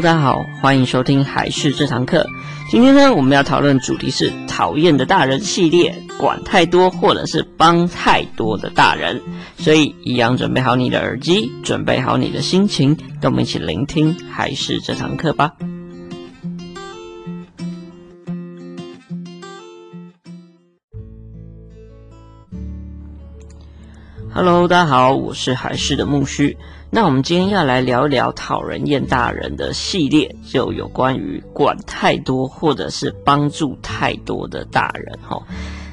大家好，歡迎收聽《孩事》這堂課。今天呢，我們要討論主題是“討厭的大人”系列，管太多或者是幫太多的大人。所以，一樣準備好你的耳機，準備好你的心情，跟我們一起聆聽《孩事》這堂課吧。Hello，大家好，我是孩事的木須。那我們今天要來聊一聊討人厭大人的系列，就有關於管太多或者是幫助太多的大人哈。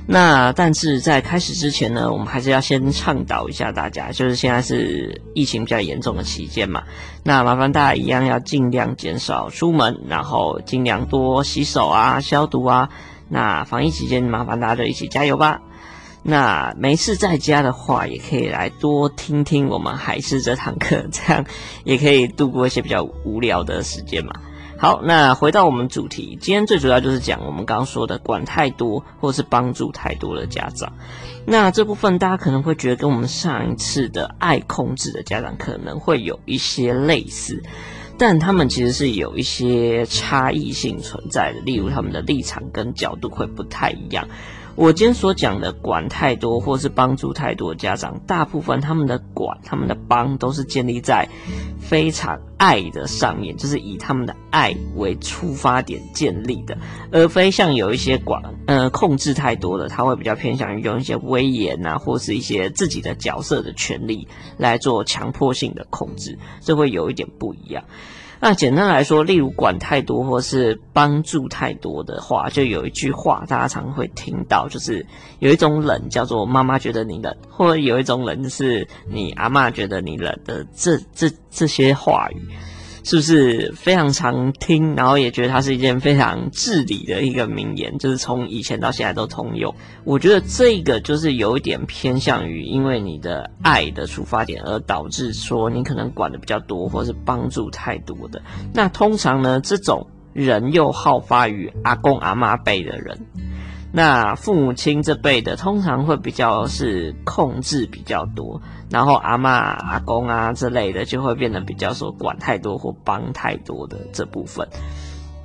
那但是在開始之前呢，我們還是要先倡導一下大家，就是現在是疫情比較嚴重的期間嘛，那麻煩大家一樣要盡量減少出門，然後盡量多洗手啊、消毒啊。那防疫期間，麻煩大家就一起加油吧。那沒事在家的話，也可以來多聽聽我們孩事這堂課，這樣也可以度過一些比較無聊的時間嘛。好，那回到我們主題，今天最主要就是講我們剛剛說的管太多或是幫助太多的家長。那這部分大家可能會覺得跟我們上一次的愛控制的家長可能會有一些類似，但他們其實是有一些差異性存在的，例如他們的立場跟角度會不太一樣。我今天所講的管太多，或是幫助太多，家長大部分他們的管、他們的幫，都是建立在非常愛的上面，就是以他們的愛為出發點建立的，而非像有一些管，呃，控制太多的，他會比較偏向於用一些威嚴啊，或是一些自己的角色的權利來做強迫性的控制，這會有一點不一樣。那簡單來說，例如管太多或是幫助太多的話，就有一句話大家常會聽到，就是有一種冷叫做媽媽覺得你冷，或有一種冷就是你阿嬤覺得你冷的這這這些話語。是不是非常常聽，然後也覺得它是一件非常至理的一個名言，就是從以前到現在都通用。我覺得這個就是有一點偏向於，因為你的愛的出發點而導致說你可能管得比較多，或是幫助太多的。那通常呢，這種人又好發於阿公阿嬤輩的人。那父母親這輩的通常會比較是控制比較多，然後阿嬤、阿公啊之類的就會變得比較說管太多或幫太多的這部分。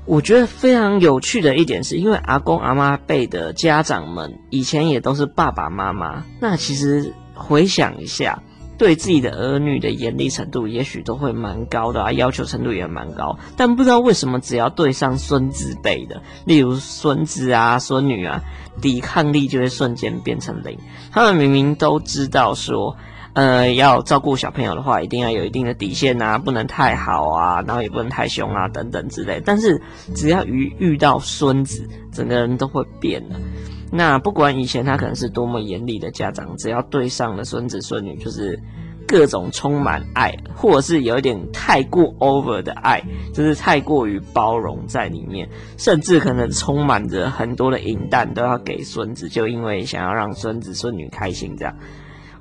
我覺得非常有趣的一點是，因為阿公阿嬤輩的家長們以前也都是爸爸媽媽。那其實回想一下。對自己的兒女的嚴厲程度，也許都會蠻高的啊，要求程度也蠻高。但不知道為什麼，只要對上孫子輩的，例如孫子啊、孫女啊，抵抗力就會瞬間變成零。他們明明都知道說，呃，要照顧小朋友的話，一定要有一定的底線啊，不能太好啊，然後也不能太凶啊，等等之類。但是只要遇遇到孫子，整個人都會變。那不管以前他可能是多麼嚴厲的家長，只要對上了孫子孫女，就是各種充滿愛，或者是有一點太過 over 的愛，就是太過於包容在裡面，甚至可能充滿着很多的銀彈都要給孫子，就因為想要讓孫子孫女開心這樣。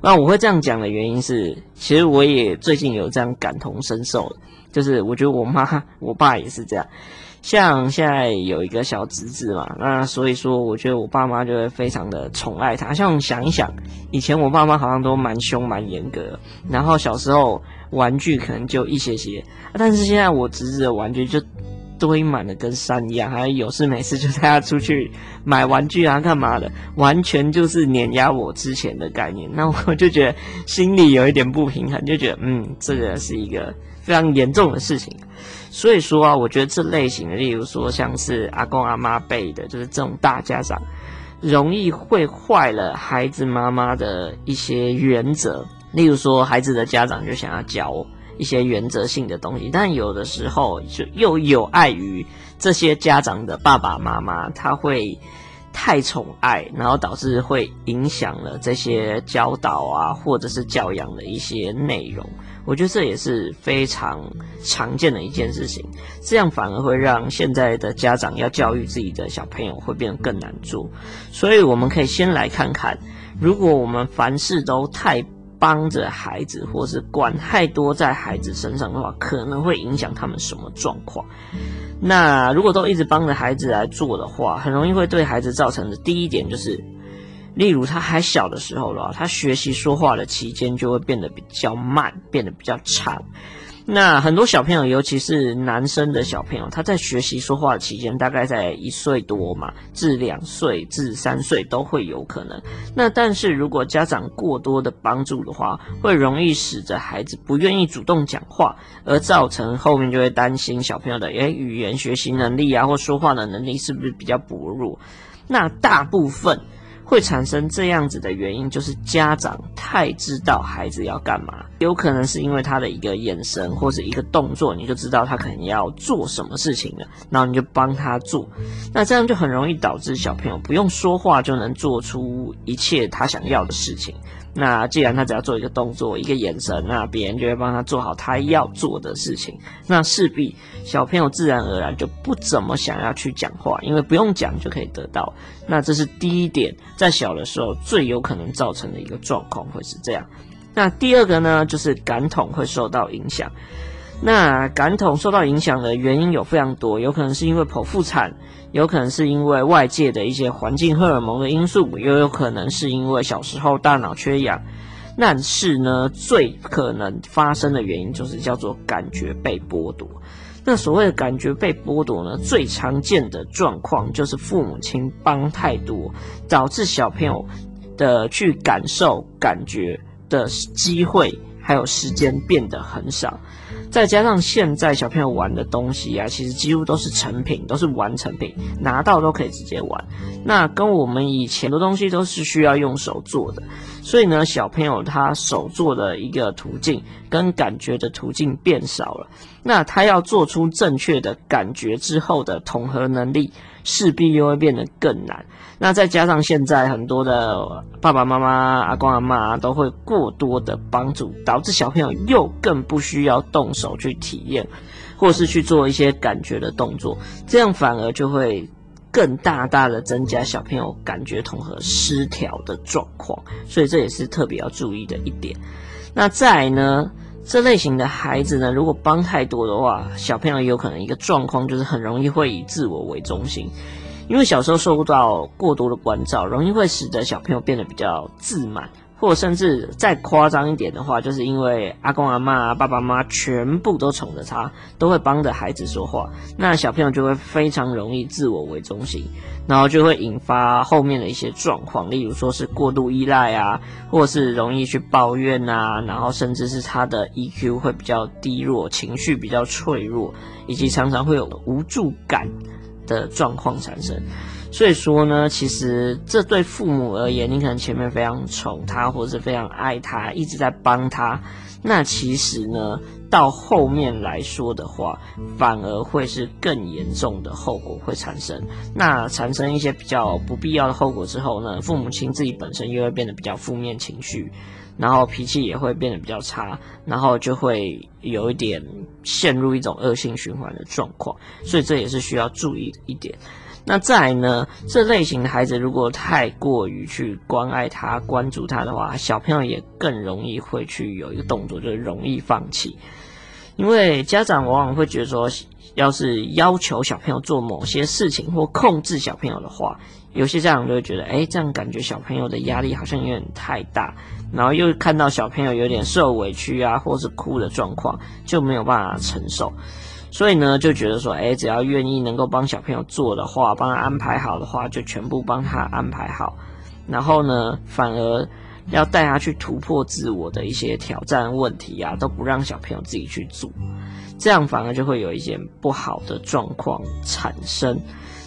那我會這樣講的原因是，其實我也最近有這樣感同身受，就是我覺得我媽、我爸也是這樣。像現在有一個小侄子嘛，那所以說我覺得我爸媽就會非常的寵愛他。像我想一想，以前我爸媽好像都蠻兇、蠻嚴格，然後小時候玩具可能就一些些，啊，但是現在我侄子的玩具就堆滿了跟山一樣，還有有事沒事就帶他出去買玩具啊、幹嘛的，完全就是碾壓我之前的概念，那我就覺得心裡有一點不平衡，就覺得嗯，這個是一個非常嚴重的事情。所以說啊，我覺得這類型，例如說像是阿公阿嬤輩的，就是這種大家長，容易會壞了孩子媽媽的一些原則。例如說，孩子的家長就想要教一些原則性的東西，但有的時候就又有礙於這些家長的爸爸媽媽，他會太寵愛，然後導致會影響了這些教導啊，或者是教養的一些內容。我覺得這也是非常常見的一件事情，這樣反而會讓現在的家長要教育自己的小朋友會變得更難做。所以我們可以先來看看，如果我們凡事都太幫着孩子，或是管太多在孩子身上的話，可能會影響他們什麼狀況？那如果都一直幫着孩子來做的話，很容易會對孩子造成的第一點就是。例如，他還小的時候的話，他學習說話的期間就會變得比較慢，變得比較長。那很多小朋友，尤其是男生的小朋友，他在學習說話的期間，大概在一歲多嘛，至兩歲至三歲都會有可能。那但是如果家長過多的幫助的話，會容易使得孩子不願意主動講話，而造成後面就會擔心小朋友的誒，誒語言學習能力啊，或說話的能力是不是比較薄弱？那大部分。會產生這樣子的原因，就是家長太知道孩子要幹嘛，有可能是因為他的一個眼神或是一個動作，你就知道他可能要做什麼事情了，然後你就幫他做，那這樣就很容易導致小朋友不用說話就能做出一切他想要的事情。那既然他只要做一個動作、一個眼神，那別人就會幫他做好他要做的事情，那勢必小朋友自然而然就不怎麼想要去講話，因為不用講就可以得到。那這是第一點，在小的時候最有可能造成的一個狀況會是這樣。那第二個呢，就是感統會受到影響。那感統受到影響的原因有非常多，有可能是因為剖腹產，有可能是因為外界的一些環境荷爾蒙的因素，也有可能是因為小時候大腦缺氧。但是呢，最可能發生的原因就是叫做感覺被剝奪。那所謂的感覺被剝奪呢，最常見的狀況就是父母親幫太多，導致小朋友的去感受感覺的機會。還有時間變得很少，再加上現在小朋友玩的東西呀、啊，其實幾乎都是成品，都是玩成品，拿到都可以直接玩。那跟我們以前的東西都是需要用手做的，所以呢，小朋友他手做的一個途徑跟感覺的途徑變少了，那他要做出正確的感覺之後的統合能力，勢必又會變得更難。那再加上現在很多的爸爸媽媽、阿公阿嬤都會過多的幫助，導致小朋友又更不需要動手去體驗，或是去做一些感覺的動作，這樣反而就會更大大的增加小朋友感覺統合失調的狀況。所以這也是特別要注意的一點。那再來呢，這類型的孩子呢，如果幫太多的話，小朋友也有可能一個狀況就是很容易會以自我為中心，因為小時候受到過多的關照，容易會使得小朋友變得比較自滿。或甚至再誇張一點的話，就是因為阿公阿嬤、爸爸媽媽全部都寵着他，都會幫着孩子說話，那小朋友就會非常容易自我為中心，然後就會引發後面的一些狀況，例如說是過度依賴啊，或是容易去抱怨啊，然後甚至是他的 EQ 會比較低落，情緒比較脆弱，以及常常會有無助感。的狀況產生，所以說呢，其實這對父母而言，你可能前面非常寵他或是非常愛他，一直在幫他，那其實呢，到後面來說的話，反而會是更嚴重的後果會產生，那產生一些比較不必要的後果之後呢，父母親自己本身又會變得比較負面情緒。然後脾氣也會變得比較差，然後就會有一點陷入一種惡性循環的狀況，所以這也是需要注意的一點。那再來呢，這類型的孩子如果太過於去關愛他、關注他的話，小朋友也更容易會去有一個動作，就是容易放棄。因為家長往往會覺得說，要是要求小朋友做某些事情或控制小朋友的話。有些家長就會覺得，哎、欸，這樣感覺小朋友的壓力好像有點太大，然後又看到小朋友有點受委屈啊，或是哭的狀況，就沒有辦法承受，所以呢，就覺得說，哎、欸，只要願意能夠幫小朋友做的話，幫他安排好的話，就全部幫他安排好，然後呢，反而要帶他去突破自我的一些挑戰問題啊，都不讓小朋友自己去做，這樣反而就會有一些不好的狀況產生，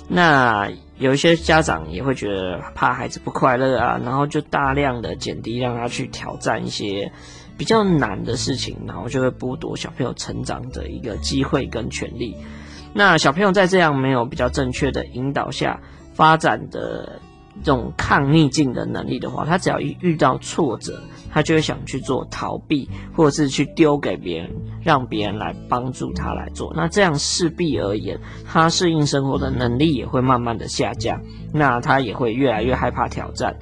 那。有一些家長也會覺得怕孩子不快樂啊，然後就大量的減低讓他去挑戰一些比較難的事情，然後就會剝奪小朋友成長的一個機會跟權利。那小朋友在這樣沒有比較正確的引導下發展的。這種抗逆境的能力的話，他只要一遇到挫折，他就會想去做逃避，或者是去丟給別人，讓別人來幫助他來做。那這樣勢必而言，他適應生活的能力也會慢慢的下降。那他也會越來越害怕挑戰。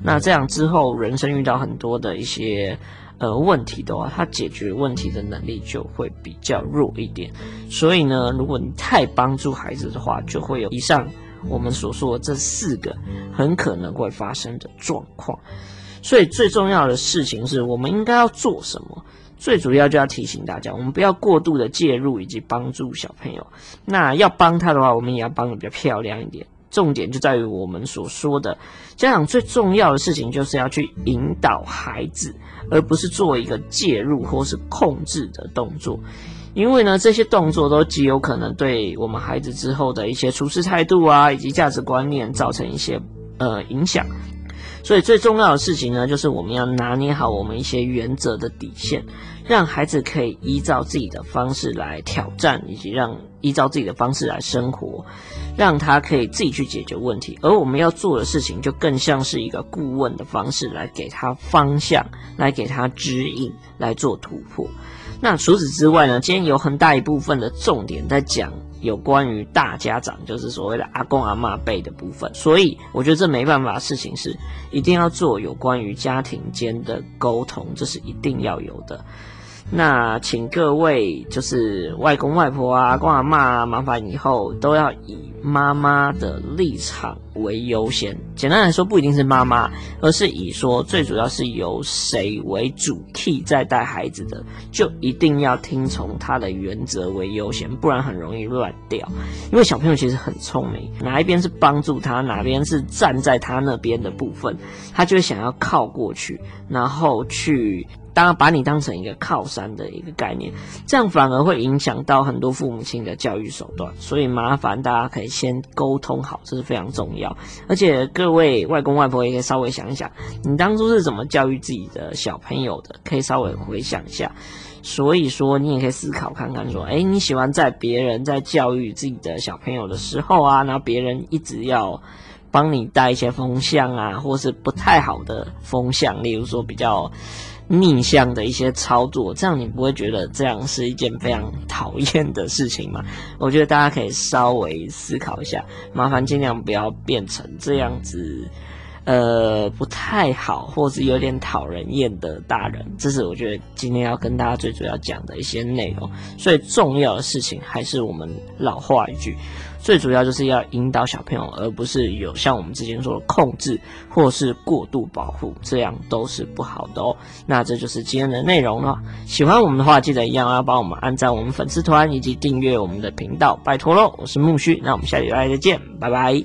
那這樣之後，人生遇到很多的一些呃問題的話，他解決問題的能力就會比較弱一點。所以呢，如果你太幫助孩子的話，就會有以上。我們所說的這四個很可能會發生的狀況，所以最重要的事情是我們應該要做什麼？最主要就要提醒大家，我們不要過度的介入以及幫助小朋友。那要幫他的話，我們也要幫得比較漂亮一點。重點就在於我們所說的家長最重要的事情，就是要去引導孩子，而不是做一個介入或是控制的動作。因為呢，這些動作都極有可能對我們孩子之後的一些處事態度啊，以及價值觀念造成一些呃影響，所以最重要的事情呢，就是我們要拿捏好我們一些原則的底線，讓孩子可以依照自己的方式來挑戰，以及讓。依照自己的方式來生活，讓他可以自己去解決問題。而我們要做的事情，就更像是一個顧問的方式來給他方向，來給他指引，來做突破。那除此之外呢？今天有很大一部分的重點在講有關於大家長，就是所謂的阿公阿嬤輩的部分。所以我覺得這沒辦法的事情是，一定要做有關於家庭間的溝通，這是一定要有的。那請各位就是外公外婆啊、阿公阿嬤啊，麻煩以後都要以媽媽的立場為優先。簡單來說，不一定是媽媽，而是以說最主要是由誰為主體在帶孩子的，就一定要聽從他的原則為優先，不然很容易亂掉。因為小朋友其實很聰明，哪一邊是幫助他，哪邊是站在他那邊的部分，他就會想要靠過去，然後去。當然把你當成一個靠山的一個概念，這樣反而會影響到很多父母親的教育手段，所以麻煩大家可以先溝通好，這是非常重要。而且各位外公外婆也可以稍微想一想，你當初是怎麼教育自己的小朋友的，可以稍微回想一下。所以說，你也可以思考看看，說，欸，你喜歡在別人在教育自己的小朋友的時候啊，然後別人一直要幫你帶一些風向啊，或是不太好的風向，例如說比較。逆向的一些操作，這樣你不會覺得這樣是一件非常討厭的事情嗎？我覺得大家可以稍微思考一下，麻煩儘量不要變成這樣子。呃，不太好，或是有點討人厭的大人，這是我覺得今天要跟大家最主要講的一些內容。所以重要的事情還是我們老話一句，最主要就是要引導小朋友，而不是有像我們之前說的控制或是過度保護，這樣都是不好的哦。那這就是今天的內容了。喜歡我們的話，記得一樣要幫我們按讚、我們粉絲團以及訂閱我們的頻道，拜托嘍。我是木須，那我們下禮拜再見，拜拜。